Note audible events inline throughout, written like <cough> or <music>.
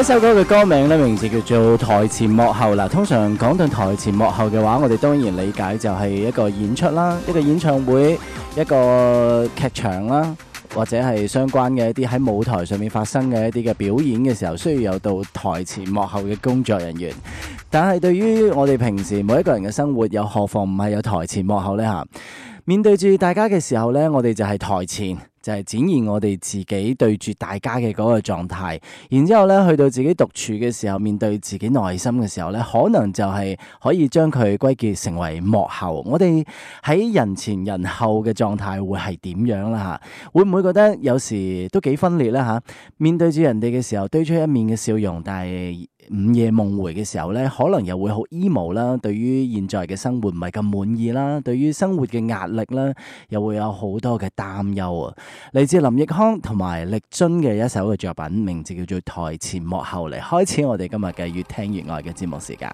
一首歌嘅歌名呢，名字叫做《台前幕後》啦。通常講到台前幕後嘅話，我哋當然理解就係一個演出啦，一個演唱會，一個劇場啦，或者係相關嘅一啲喺舞台上面發生嘅一啲嘅表演嘅時候，需要有到台前幕後嘅工作人員。但係對於我哋平時每一個人嘅生活，又何況唔係有台前幕後呢？吓？面對住大家嘅時候呢，我哋就係台前。就係展現我哋自己對住大家嘅嗰個狀態，然之後咧，去到自己獨處嘅時候，面對自己內心嘅時候咧，可能就係可以將佢歸結成為幕後。我哋喺人前人後嘅狀態會係點樣啦？吓，會唔會覺得有時都幾分裂啦？吓，面對住人哋嘅時候，堆出一面嘅笑容，但係。午夜夢回嘅時候呢，可能又會好 emo 啦，對於現在嘅生活唔係咁滿意啦，對於生活嘅壓力啦，又會有好多嘅擔憂啊！嚟自林奕匡同埋力尊嘅一首嘅作品，名字叫做《台前幕後》嚟開始我哋今日嘅越聽越愛嘅節目時間。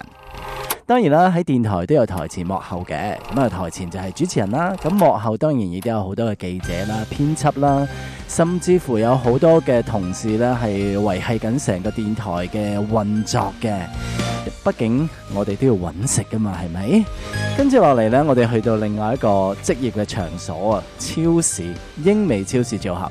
當然啦，喺電台都有台前幕後嘅咁啊。台前就係主持人啦，咁幕後當然亦都有好多嘅記者啦、編輯啦，甚至乎有好多嘅同事呢係維繫緊成個電台嘅運作嘅。畢竟我哋都要揾食噶嘛，係咪？跟住落嚟呢，我哋去到另外一個職業嘅場所啊，超市，英美超市組合。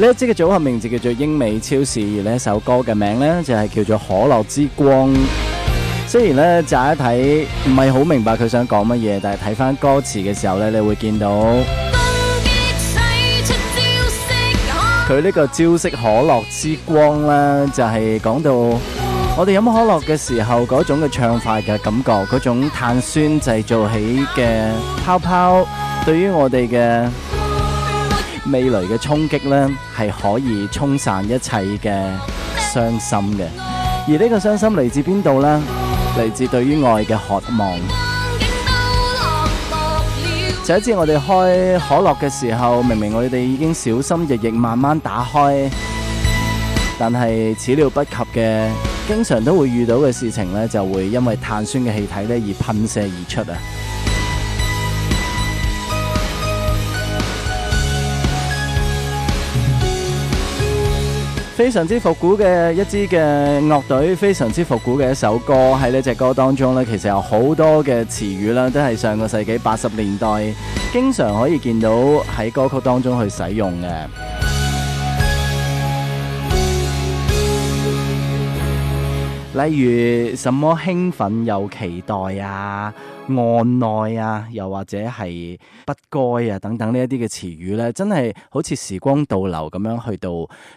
呢一支嘅組合名字叫做英美超市，而呢一首歌嘅名咧就係叫做《可樂之光》。雖然咧乍一睇，唔係好明白佢想講乜嘢，但係睇翻歌詞嘅時候咧，你會見到佢呢個招式可樂之光啦，就係講到我哋飲可樂嘅時候嗰種嘅暢快嘅感覺，嗰種碳酸製造起嘅泡泡，對於我哋嘅。未來嘅衝擊呢，係可以沖散一切嘅傷心嘅。而呢個傷心嚟自邊度呢？嚟自對於愛嘅渴望。就一次我哋開可樂嘅時候，明明我哋已經小心翼翼慢慢打開，但係始料不及嘅，經常都會遇到嘅事情呢，就會因為碳酸嘅氣體呢而噴射而出啊！非常之復古嘅一支嘅樂隊，非常之復古嘅一首歌，喺呢隻歌當中，呢其實有好多嘅詞語啦，都係上個世紀八十年代經常可以見到喺歌曲當中去使用嘅，例如什麼興奮又期待呀、啊？」按耐啊，又或者係不該啊，等等呢一啲嘅詞語咧，真係好似時光倒流咁樣去到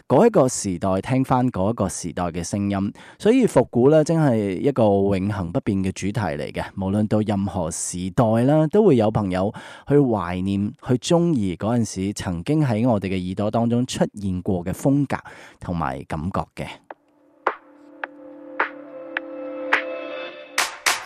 嗰一個時代，聽翻嗰一個時代嘅聲音。所以復古咧，真係一個永恆不變嘅主題嚟嘅。無論到任何時代啦，都會有朋友去懷念、去中意嗰陣時曾經喺我哋嘅耳朵當中出現過嘅風格同埋感覺嘅。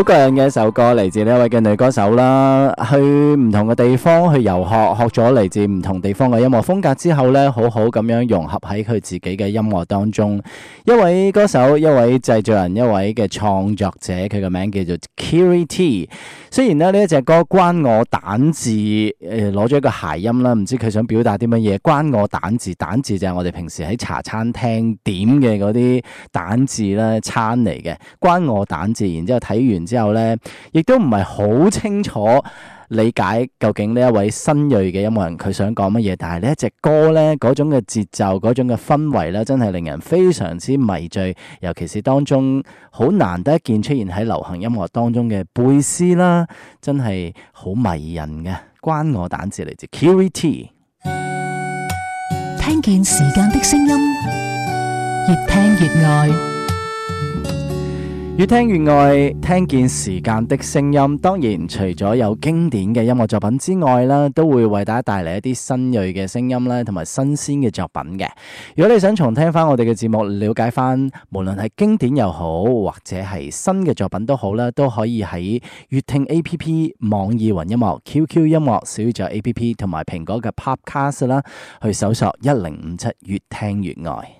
好個人嘅一首歌，嚟自呢一位嘅女歌手啦，去唔同嘅地方去遊學，學咗嚟自唔同地方嘅音樂風格之後咧，好好咁樣融合喺佢自己嘅音樂當中。一位歌手，一位製作人，一位嘅創作者，佢嘅名叫做 Kiri T。雖然咧，呢這一隻歌關我蛋治，誒，攞咗一個諧音啦，唔知佢想表達啲乜嘢？關我蛋治，蛋治就係我哋平時喺茶餐廳點嘅啲蛋治啦，餐嚟嘅。關我蛋治，然之後睇完。之後呢，亦都唔係好清楚理解究竟呢一位新銳嘅音樂人佢想講乜嘢。但係呢一隻歌呢，嗰種嘅節奏，嗰種嘅氛圍呢，真係令人非常之迷醉。尤其是當中好難得一見出現喺流行音樂當中嘅貝斯啦，真係好迷人嘅。關我膽字嚟自 Q.E.T。聽見時間嘅聲音，越聽越愛。越聽越愛，聽見時間的聲音。當然，除咗有經典嘅音樂作品之外啦，都會為大家帶嚟一啲新銳嘅聲音咧，同埋新鮮嘅作品嘅。如果你想重聽翻我哋嘅節目，了解翻，無論係經典又好，或者係新嘅作品都好啦，都可以喺越聽 A P P、網易雲音樂、Q Q 音樂、小宇宙 A P P 同埋蘋果嘅 Podcast 啦，去搜索一零五七越聽越愛。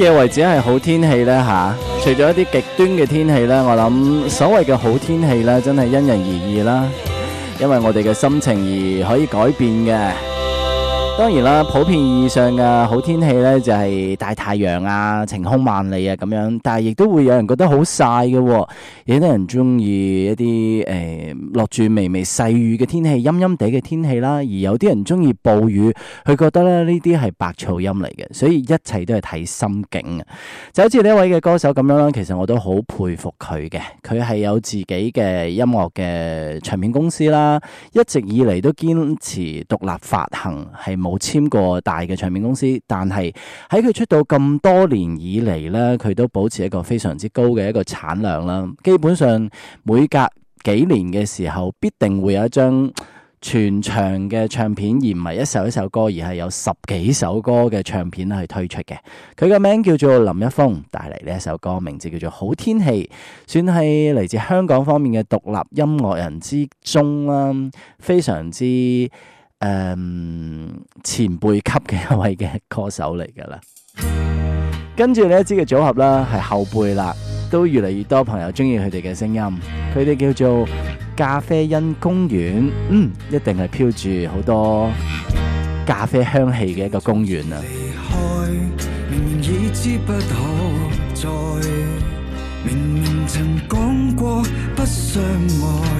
嘅位置係好天氣啦，吓，除咗一啲極端嘅天氣啦，我諗所謂嘅好天氣啦，真係因人而異啦，因為我哋嘅心情而可以改變嘅。當然啦，普遍意義上嘅好天氣呢，就係、是、大太陽啊，晴空萬里啊咁樣，但係亦都會有人覺得好曬嘅，有啲人中意一啲誒落住微微細雨嘅天氣，陰陰地嘅天氣啦，而有啲人中意暴雨，佢覺得咧呢啲係白噪音嚟嘅，所以一切都係睇心境啊！就好似呢一位嘅歌手咁樣啦，其實我都好佩服佢嘅，佢係有自己嘅音樂嘅唱片公司啦，一直以嚟都堅持獨立發行係冇。冇簽過大嘅唱片公司，但係喺佢出道咁多年以嚟呢，佢都保持一個非常之高嘅一個產量啦。基本上每隔幾年嘅時候，必定會有一張全場嘅唱片，而唔係一首一首歌，而係有十幾首歌嘅唱片去推出嘅。佢個名叫做林一峰，帶嚟呢一首歌，名字叫做好天氣，算係嚟自香港方面嘅獨立音樂人之中啦，非常之。誒，um, 前輩級嘅一位嘅歌手嚟噶啦，跟住呢這一支嘅組合啦，係後輩啦，都越嚟越多朋友中意佢哋嘅聲音，佢哋叫做咖啡因公園，嗯，一定係飄住好多咖啡香氣嘅一個公園啊。離開，明明已知不可再，明明曾經講過，不相愛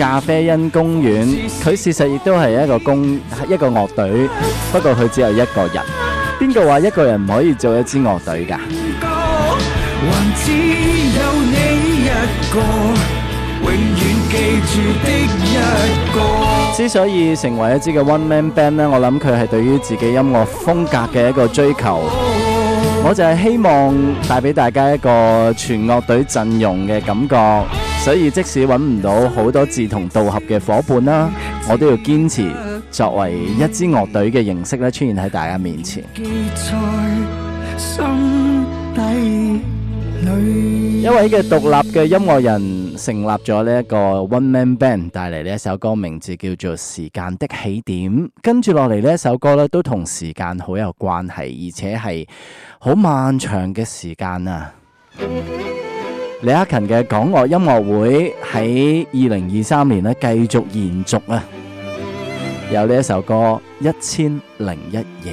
咖啡因公園，佢事實亦都係一個公一個樂隊，不過佢只有一個人。邊個話一個人唔可以做一支樂隊㗎？只有你一個，永遠記住嘅一個。之所以成為一支嘅 One Man Band 呢，我諗佢係對於自己音樂風格嘅一個追求。我就係希望帶俾大家一個全樂隊陣容嘅感覺，所以即使揾唔到好多志同道合嘅夥伴啦，我都要堅持作為一支樂隊嘅形式咧出現喺大家面前。一位嘅獨立嘅音樂人成立咗呢一個 One Man Band，帶嚟呢一首歌，名字叫做《時間的起點》。跟住落嚟呢一首歌都同時間好有關係，而且係。好漫長嘅時間啊！李克勤嘅港樂音樂會喺二零二三年咧繼續延續啊，有呢一首歌《一千零一夜》。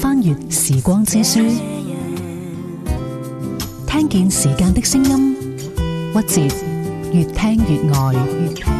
翻閱時光之書，聽見時間的聲音，屈折，越聽越愛。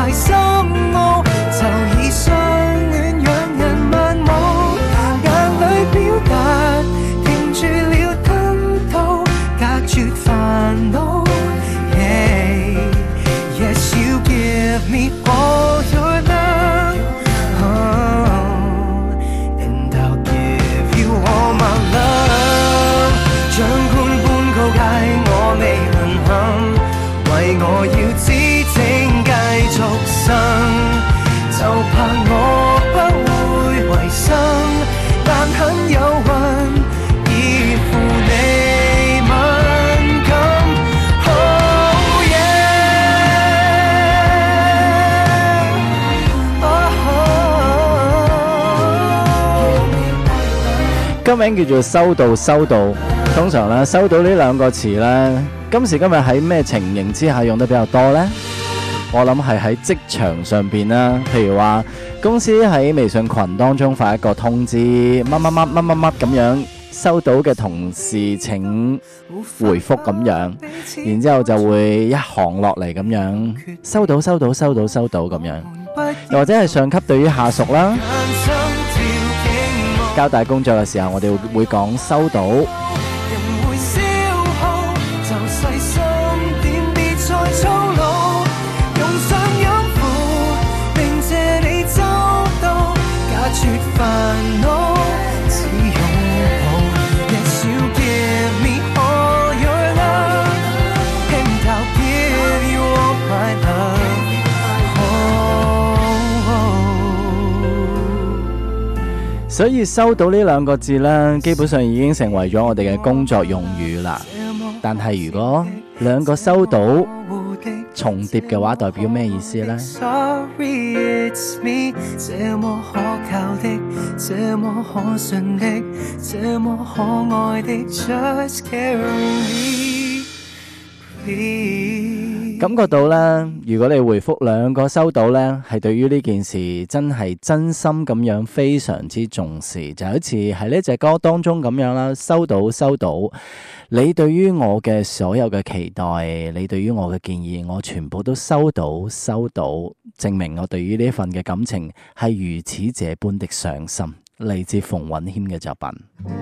個名叫做收到收到，通常啦，收到呢兩個詞啦，今時今日喺咩情形之下用得比較多咧？我諗係喺職場上邊啦，譬如話公司喺微信群當中發一個通知，乜乜乜乜乜乜咁樣，收到嘅同事請回復咁樣，然之後就會一行落嚟咁樣，收到收到收到收到咁樣，又或者係上級對於下屬啦。交代工作嘅時候，我哋會講收到。所以收到呢兩個字咧，基本上已經成為咗我哋嘅工作用語啦。但係如果兩個收到重疊嘅話，代表咩意思呢？ <music> 感覺到咧，如果你回覆兩個收到咧，係對於呢件事真係真心咁樣非常之重視，就好似喺呢隻歌當中咁樣啦。收到收到，你對於我嘅所有嘅期待，你對於我嘅建議，我全部都收到收到，證明我對於呢份嘅感情係如此這般的上心。嚟自馮允謙嘅作品。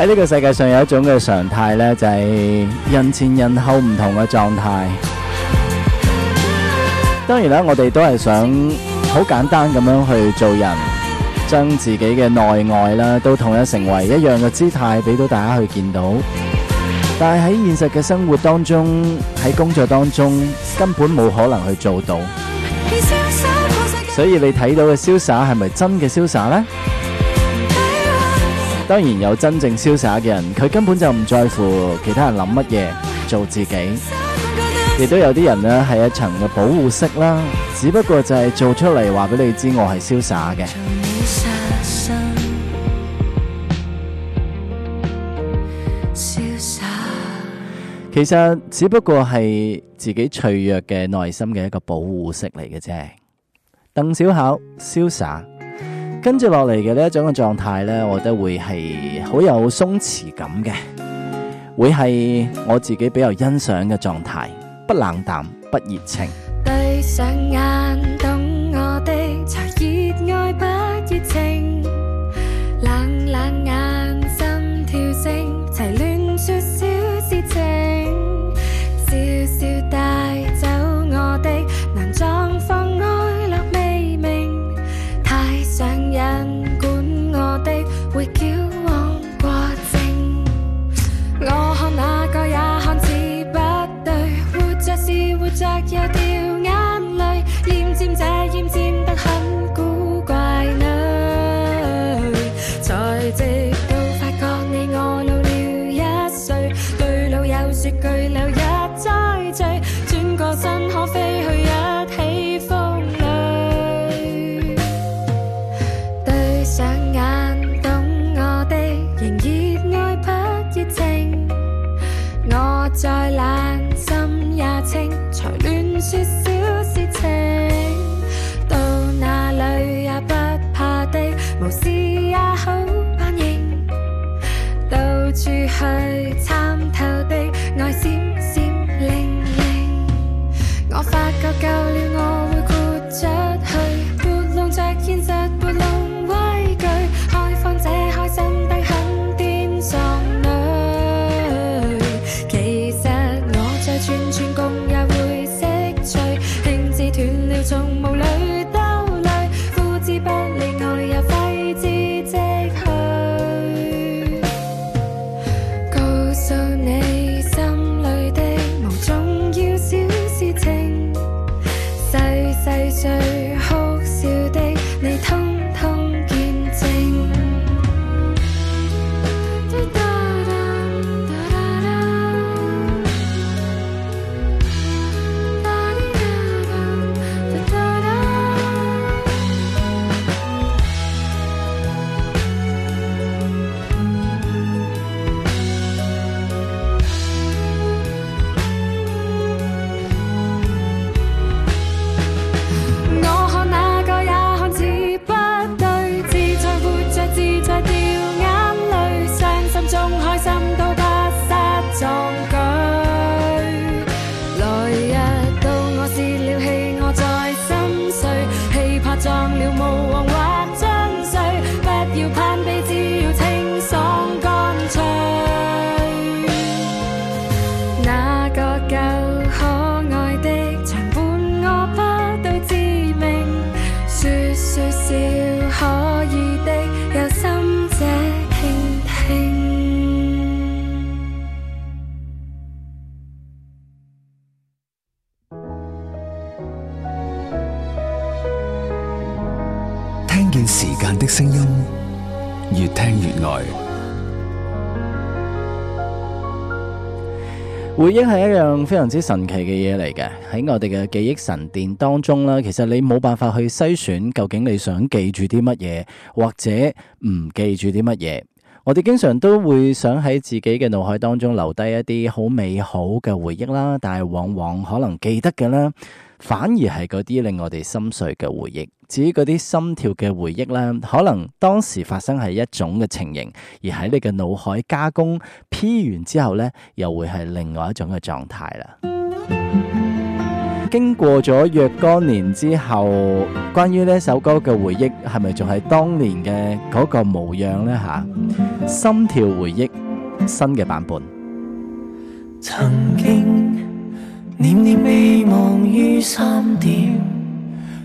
喺呢個世界上有一種嘅常態呢，就係人前人後唔同嘅狀態。當然啦，我哋都係想好簡單咁樣去做人，將自己嘅內外啦，都同一成為一樣嘅姿態，俾到大家去見到。但係喺現實嘅生活當中，喺工作當中，根本冇可能去做到。所以你睇到嘅瀟灑係咪真嘅瀟灑呢？當然有真正瀟灑嘅人，佢根本就唔在乎其他人諗乜嘢，做自己。亦都有啲人呢係一層嘅保護色啦，只不過就係做出嚟，話俾你知我係瀟灑嘅。瀟灑，其實只不過係自己脆弱嘅內心嘅一個保護色嚟嘅啫。鄧小巧，瀟灑。跟住落嚟嘅呢一種嘅狀態咧，我覺得會係好有鬆弛感嘅，會係我自己比較欣賞嘅狀態，不冷淡，不熱情，上眼，懂我愛，不熱情。回憶係一樣非常之神奇嘅嘢嚟嘅，喺我哋嘅記憶神殿當中啦，其實你冇辦法去篩選究竟你想記住啲乜嘢，或者唔記住啲乜嘢。我哋經常都會想喺自己嘅腦海當中留低一啲好美好嘅回憶啦，但係往往可能記得嘅咧，反而係嗰啲令我哋心碎嘅回憶。至於嗰啲心跳嘅回憶呢，可能當時發生係一種嘅情形，而喺你嘅腦海加工 P 完之後呢又會係另外一種嘅狀態啦。經過咗若干年之後，關於呢首歌嘅回憶係咪仲係當年嘅嗰個模樣呢？嚇，心跳回憶新嘅版本。曾經念念未忘於三點。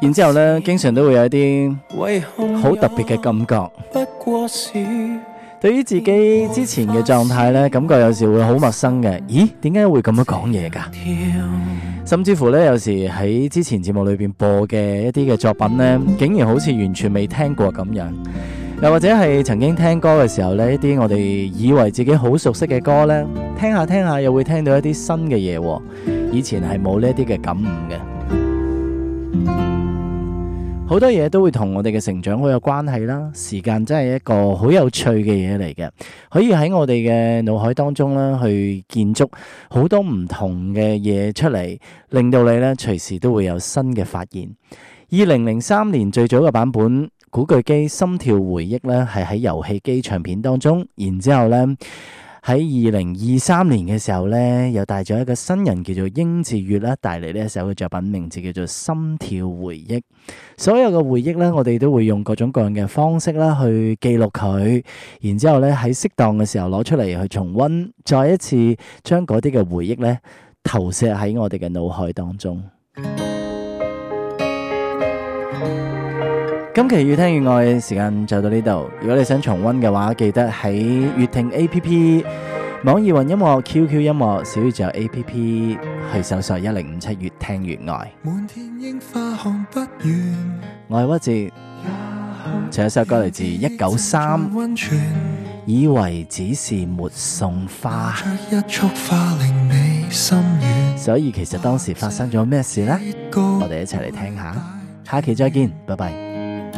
然之後咧，經常都會有一啲好特別嘅感覺。對於自己之前嘅狀態呢，感覺有時會好陌生嘅。咦？點解會咁樣講嘢㗎？甚至乎呢，有時喺之前節目裏面播嘅一啲嘅作品呢，竟然好似完全未聽過咁樣。又或者係曾經聽歌嘅時候呢，一啲我哋以為自己好熟悉嘅歌呢，聽下聽下又會聽到一啲新嘅嘢，以前係冇呢啲嘅感悟嘅。好多嘢都會同我哋嘅成長好有關係啦，時間真係一個好有趣嘅嘢嚟嘅，可以喺我哋嘅腦海當中呢去建築好多唔同嘅嘢出嚟，令到你呢隨時都會有新嘅發現。二零零三年最早嘅版本《古巨基心跳回憶》呢係喺遊戲機唱片當中，然之後呢。喺二零二三年嘅時候咧，又帶咗一個新人叫做英智月啦，帶嚟呢一首嘅作品，名字叫做《心跳回憶》。所有嘅回憶咧，我哋都會用各種各樣嘅方式啦去記錄佢，然之後咧，喺適當嘅時候攞出嚟去重溫，再一次將嗰啲嘅回憶咧投射喺我哋嘅腦海當中。今期越聽越愛時間就到呢度，如果你想重温嘅話，記得喺粵聽 A P P、網易雲音樂、Q Q 音樂、小宇宙 A P P 去搜索一零五七越聽越愛。滿天櫻花看不完我係屈志。最後一首歌嚟自一九三，以為只是沒送花，一束花令你心軟，所以其實當時發生咗咩事呢？我哋一齊嚟聽下，下期再見，拜拜。